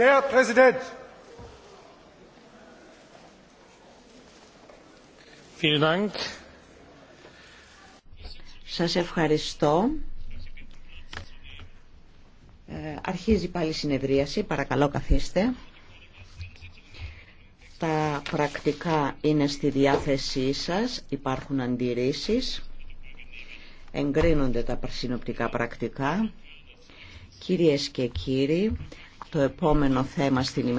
Σα Präsident. Vielen Dank. Σας ευχαριστώ. Ε, αρχίζει πάλι η συνεδρίαση. Παρακαλώ καθίστε. Τα πρακτικά είναι στη διάθεσή σας. Υπάρχουν αντιρρήσεις. Εγκρίνονται τα συνοπτικά πρακτικά. Κυρίες και κύριοι, το επόμενο θέμα στην ημερή.